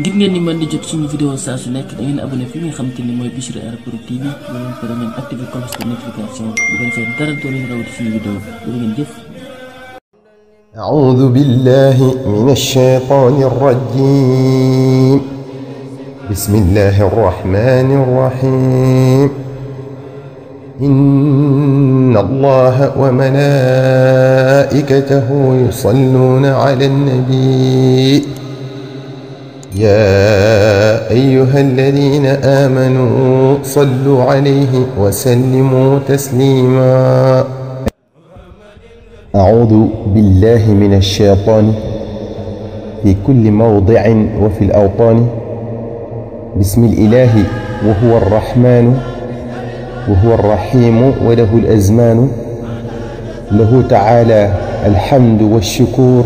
ngir ngeen di mën di jot suñu vidéo saa su nekk da ngeen abonné fi nga xam te ni mooy Bichri Airport TV nga leen pare ngeen activé cloche de notification bu ko defee dara doo leen rawati suñu vidéo loolu ngeen jëf. أعوذ بالله من الشيطان الرجيم بسم الله الرحمن الرحيم إن الله وملائكته يصلون على النبي يا أيها الذين آمنوا صلوا عليه وسلموا تسليما أعوذ بالله من الشيطان في كل موضع وفي الأوطان بسم الإله وهو الرحمن وهو الرحيم وله الأزمان له تعالى الحمد والشكور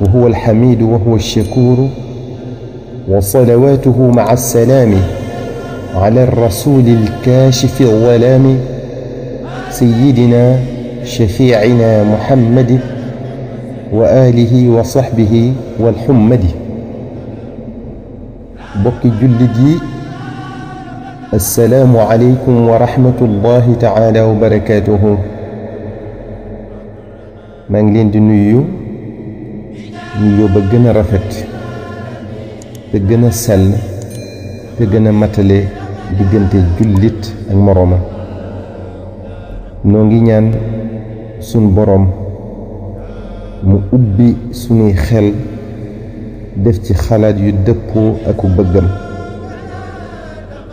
وهو الحميد وهو الشكور وصلواته مع السلام على الرسول الكاشف الظلام سيدنا شفيعنا محمد وآله وصحبه والحمد bokki jullit yi assalaamu aleykum wa rahmatullahi taala wa barakatuhu maa ngi leen di nuyu ñu yóbba gën a rafet te gën a sell te gën a matale diggante jullit ak moroomam noo ngi ñaan sun boroom mu ubbi sunuy xel def ci xalaat yu dëppoo aku bëggam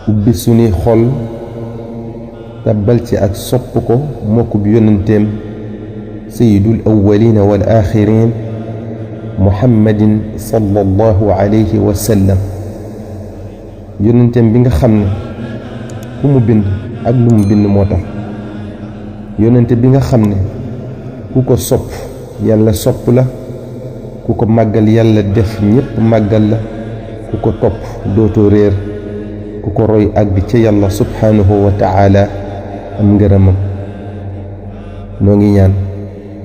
ubbi sunuy xol tabbal ci ak sopp ko mokkub yonenteem sayyidul awwalina wal axirin muhammadin sallallahu alayhi wa sallam yonenteem bi nga xam ne ku mu bind ak lu mu bind moo tax yonente bi nga xam ne ku ko sopp yàlla sopp la ku ko màggal yàlla def ñépp màggal la ku ko topp dootoo réer ku ko roy àgg ca yàlla subhaanahu wa taala am ngërëmam noo ngi ñaan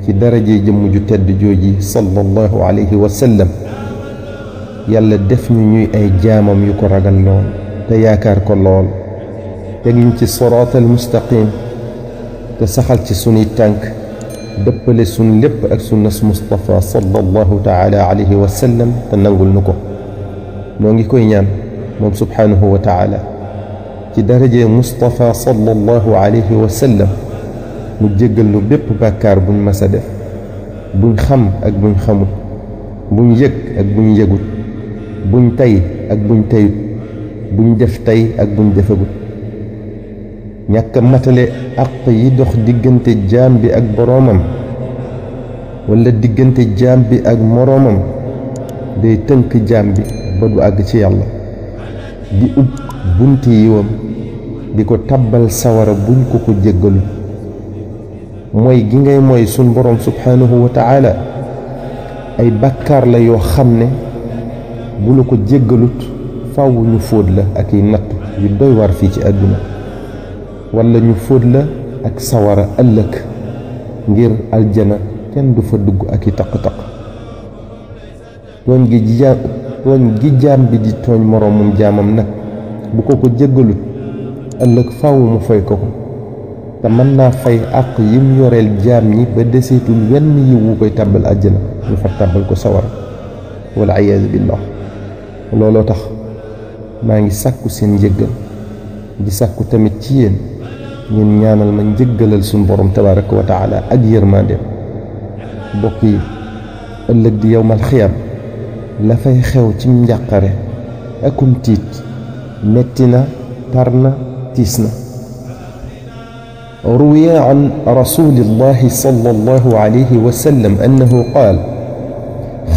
ci daraje jëmm ju tedd jooji sallallahu alayhi wa sallam yàlla def ñu ñuy ay jaamam yu ko ragal lool te yaakaar ko lool teg ñu ci soraatal mustaqim te saxal ci sunuy tànk dëpp dëppale sun lépp ak sun sunnas Mustafa sallallahu taala alayhi wa sallam te nangul nu ko noo ngi koy ñaan moom subhaanahu wa taala ci daraje Mustafa sallallahu alayhi wa mu jéggal bépp bàkkaar bu mas a def buñ xam ak buñ xamut buñ yëg ak buñ yëgut buñ tay ak buñ tayut buñ def tey ak buñ defagut ñàkk matale àq yi dox diggante jaam bi ak boroomam wala diggante jaam bi ak moroomam day tënk jaam bi ba du àgg ci yàlla di ub bunti yiwam di ko tabbal sawara buñ ko ko jéggalu moy gi ngay mooy sun borom subhanahu wa taala ay bàkkaar la yoo xam ne bu la ko jéggalut faw ñu fóot la ak i natt yu doy war fii ci àdduna walla ñu fóot la ak sawara ëllëg ngir aljana kenn du fa dugg ak i taq-taq tooñ gi jaam tooñ gi jaam bi di tooñ moroomum jaamam nag bu ko ko jéggalut ëllëg faw mu fay ko ko te mën naa fay àq yim yoreel jaam ñi ba deseetul wenn yiw wu koy tàbbal àjjana ñu far tàbbal ko sawar wala ayaazu billah looloo tax maa ngi sàkku seen njëggal di sàkku tamit ci yéen ngeen ñaanal ma njëggalal suñu borom tabaraka wa ak yërmandeem bokk yi ëllëg di yowmal xiyam la fay xew ci njàqare akum tiit metti na tar na tiis na روي عن رسول الله صلى الله عليه وسلم أنه قال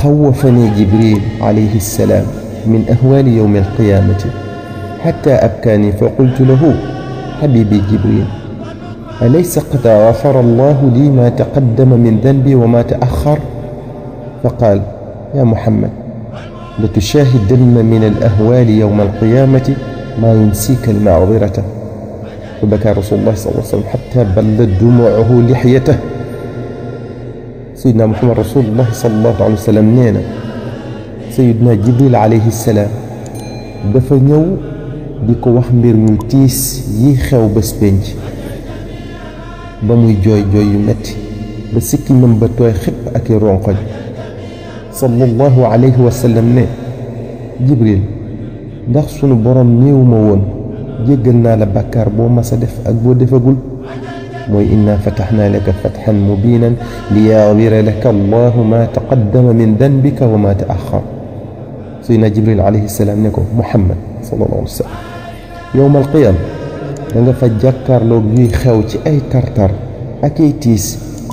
خوفني جبريل عليه السلام من أهوال يوم القيامة حتى أبكاني فقلت له حبيبي جبريل أليس قد غفر الله لي ما تقدم من ذنبي وما تأخر فقال يا محمد لتشاهدن من الأهوال يوم القيامة ما ينسيك المعذرة فبكى رسول الله صلى الله عليه وسلم حتى بلت دموعه لحيته سيدنا محمد nee na Seydina Jibril alayhi salaam dafa ñëw di ko wax mbir mu tiis yi xew bés penc ba muy jooy jooy yu metti ba sikkinam ba tooy xëpp ak i ronkoñ sallallahu alayhi wa ne Jibril ndax sunu borom néew ma woon jéggal naa la bàkkaar boo mas def ak boo defagul mooy inna fataxnaa laka fatxan mubiinan liyaxfira laka allahu ma taqaddama min danbika wa ma taaxar sayyidina jibril alayhi salaam ne ko muhammad sallallahu alayhi wa sallam nga fa jàkkaarloog yuy xew ci ay tartar ak ay tiis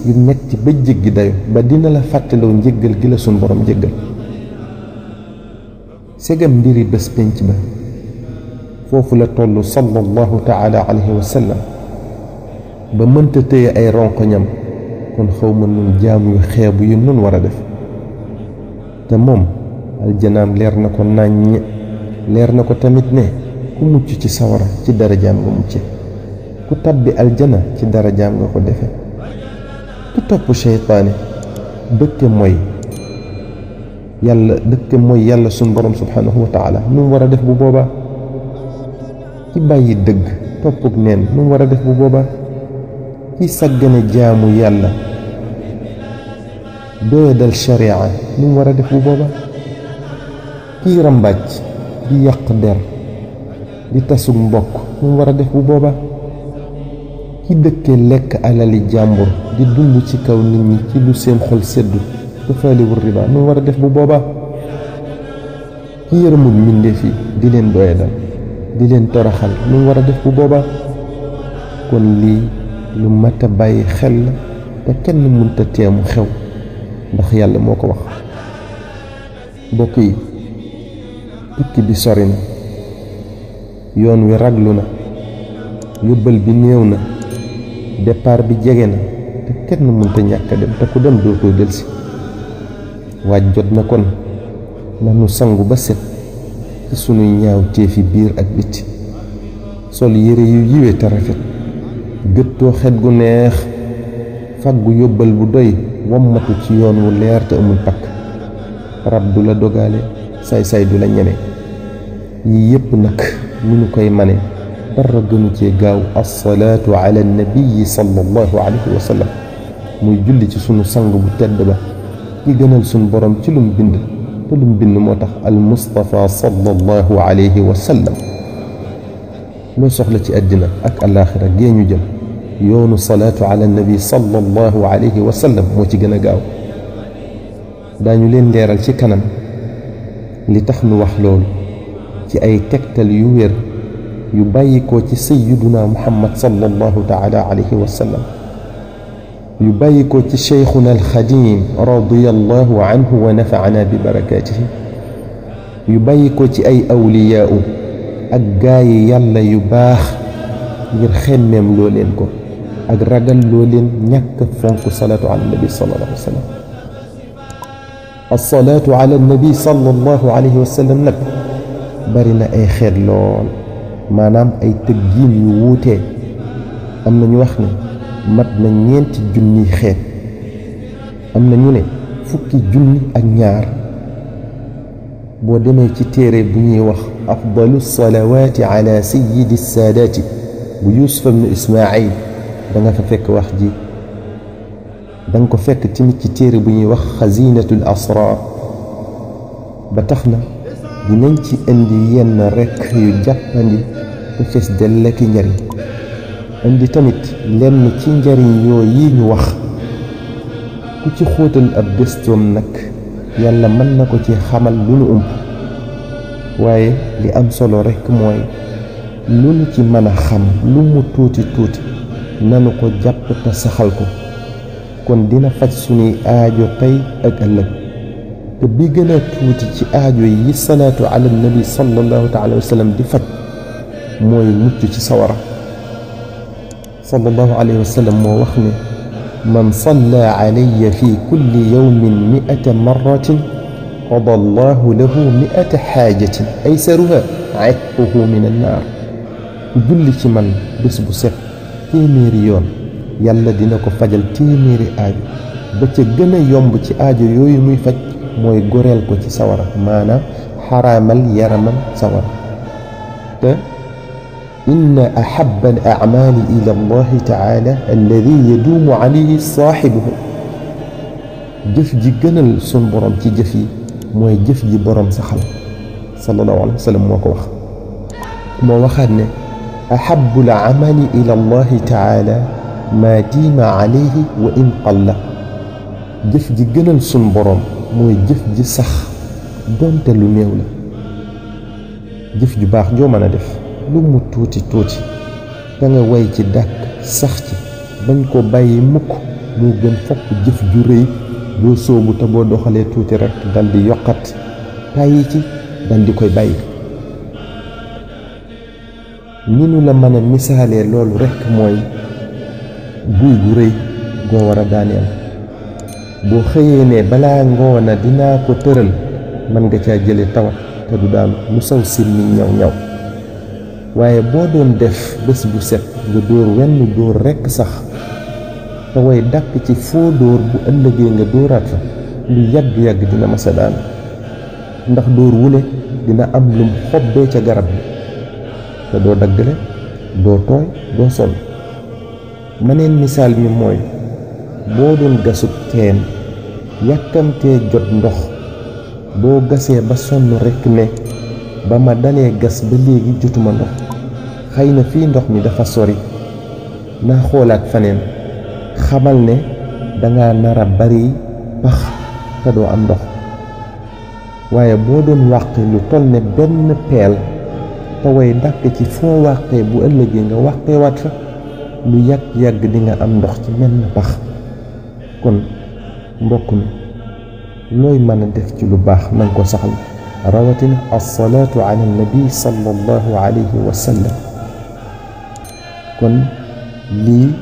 yu metti ba jéggi dayo ba dina la fàttaloo njéggal gi la sun borom jéggal ba foofu la toll sallallahu taala alayhi wa sallam ba mënta téye ay ronkoñam kon xaw ma nun jaam yu xeebu yi nun war a def te moom aljanaam leer na ko nàññ leer na ko tamit ne ku mucc ci sawar ci darajaam nga mucce ku tabbi aljana ci dara darajaam nga ko defe ku topp seytaane dëkke mooy yàlla dëkke mooy yàlla suñ borom subhanahu wa war a def bu boobaa ki bàyyi dëgg toppug neen nu war a def bu booba ki sàggane jaamu yàlla doyadal sharia nu mu war a def bu boobaa kii ràmbaaj di yàq der di tasug mbokk nu mu war a def bu booba ki dëkkee lekk alali jàmbur di dund ci kaw nit ñi ci lu seen xol seddu te faaliwul nu mu war a def bu boobaa ki yërëmul mbindeef yi di leen doyadal di leen toroxal lu mu war a def bu boobaa kon lii lu mat a bàyyi xel la te kenn mënta teemu xew ndax yàlla moo ko wax mbokk yi tukki bi sori na yoon wi raglu na yóbbal bi néew na départ bi jege na te kenn mënta ñàkk a dem te ku dem doo koy delsi waaj jot na kon nanu sangu ba set ci sunuy ñaaw teefi biir ak bitti sol yére yu yiwe te rafet gëttoo xet gu neex faggu yóbbal bu doy wammatu ci yoon wu leer te amul pakk rab du la dogale say-say du la ñeme yi yépp nag nu ñu koy mane dara gënu cee gaaw alsalaatu ala nabiyi sallallahu alayhi wa sallam muy julli ci sunu sang bu tedd ba ki gënal sunu borom ci lum bind lu mu bind moo tax al Mustafa sallallahu alayhi wa sallam loo soxla ci àddina ak alaaxira gee ñu jëm yoonu solaatu ala nabi sallallahu alayhi wa sallam moo ci gën a gaaw dañu leen leeral ci kanam li tax nu wax loolu ci ay tegtal yu wér yu bàyyikoo ci sayyiduna muhammad sallallahu taala alayhi wa sallam yu bàyyi ko ci cheikhuna alxadim radiyallahu anhu wa nafaana bi barakaatihi yu bayi ko ci ay awliyaau ak gaayi yàlla yu baax ngir xemmeem loo leen ko ak ragal loo leen ñàkk fonk salaatu ala nabi sallallahu alayhi wa sallam alsalaatu ala nabi sallallahu alayhi wa sallam nag bari na ay xeet lool maanaam ay tëggiin yu wuute am na ñu wax ne mat na ñeenti junniy xeet am na ñu ne fukki junni ak ñaar boo demee ci téere bu ñuy wax afdalu salawaati ala sayidi saadaati bu yusufa ibnu ismail da danga fa fekk wax ji da ko fekk timit ci téere bu ñuy wax xaziinatul asraar ba tax na dinañ ci indi yenn rekk yu jàppandi te dell ak njariñ indi tamit lenn ci njariñ yoo yi ñu wax ku ci xóotal ab gëstoom nag yàlla mën na ko ci xamal lu nu ëmb waaye li am solo rekk mooy lu nu ci mën a xam lu mu tuuti tuuti nanu ko jàpp te saxal ko kon dina faj sunuy aajo tey ak ëllëg te bi gën a tuuti ci aajo yi salaatu ala nabi sallallahu taala wa sallam di faj mooy mucc ci sawara sallallahu alayhi wa sallam moo wax ne man salla alayya fi kulli yawmin miata marratin qada allahu lahu miata xaajatin aysaruha itquhu min annaar ku julli ci man bés bu set téeméeri yoon yàlla dina ko fajal téeméeri aajo ba ca gën a yomb ci aajo yooyu muy faj mooy goreel ko ci sawara maanaam xaraamal yaramam sawara te إن أحب الأعمال إلى الله تعالى الذي يدوم عليه صاحبه jëf ji gënal sun borom ci jëf yi mooy jëf ji borom saxal sallallahu alayhi wa sallam moo ko wax moo waxaat ne ahabul amali ila allahi taala maa diima alayhi wa in qalla jëf ji gënal sun borom mooy jëf ji sax doonte lu néew la jëf ju baax joo mën a def lu mu tuuti tuuti da nga way ci dàkk sax ci bañ ko bàyyi mukk moo gën fopp jëf ju rëy boo sóobu te boo doxalee tuuti rek dal di yokkat tàyyi ci dal di koy bàyyi ni nu la mën a misaalee loolu rekk mooy buy gu rëy goo war a daaneel boo xëyee ne balaa ngoona dinaa ko tëral mën nga caa jële tawat te du daanu mu saw simmi ñaw ñaw waaye boo doon def bés bu set nga dóor wenn dóor rekk sax te way dàkk ci foo dóor bu ëllëgee nga dóoraat fa lu yàgg-yàgg dina masa daan ndax dóor wu ne dina am lum xobbee ca garab bi te doo daggale doo tooy doo sol maneen misaal mi mooy boo doon gasub teen yàkkamtee jot ndox boo gasee ba sonn rekk ne ba ma dalee gas ba léegi jotuma ndox xëy na fii ndox mi dafa sori naa xoolaat faneen xamal ne danga nara bari pax te doo am ndox waaye boo doon wàqe lu toll ne benn peel te way dàq ci foo wàqee bu ëllëgee nga wàqewaat fa lu yàgg-yàgg di am ndox ci menn pax kon mbokk mi looy mën a def ci lu baax nanga ko saxal rawatin rawatina alsalaatu ala nabi sallallahu alayhi wa sallam kon lii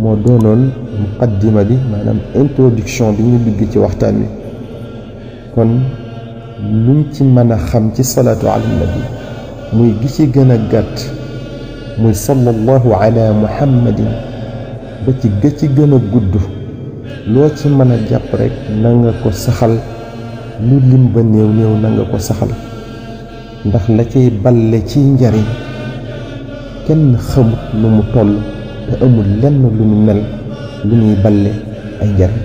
moo doonoon muqaddima bi maanaam introduction bi ñu dugg ci waxtaan wi kon luñ ci mën a xam ci salaatu ala nabi muy gi ci gën a gàtt muy sallallahu ala muhammadin ba ci gë ci gën a gudd loo ci mën a jàpp rekk na ko saxal lu lim ba néew néew na nga ko saxal ndax la cay balle ci njariñ kenn xamut lu mu toll te amul lenn lu mu mel lu ñuy bale ay njariñ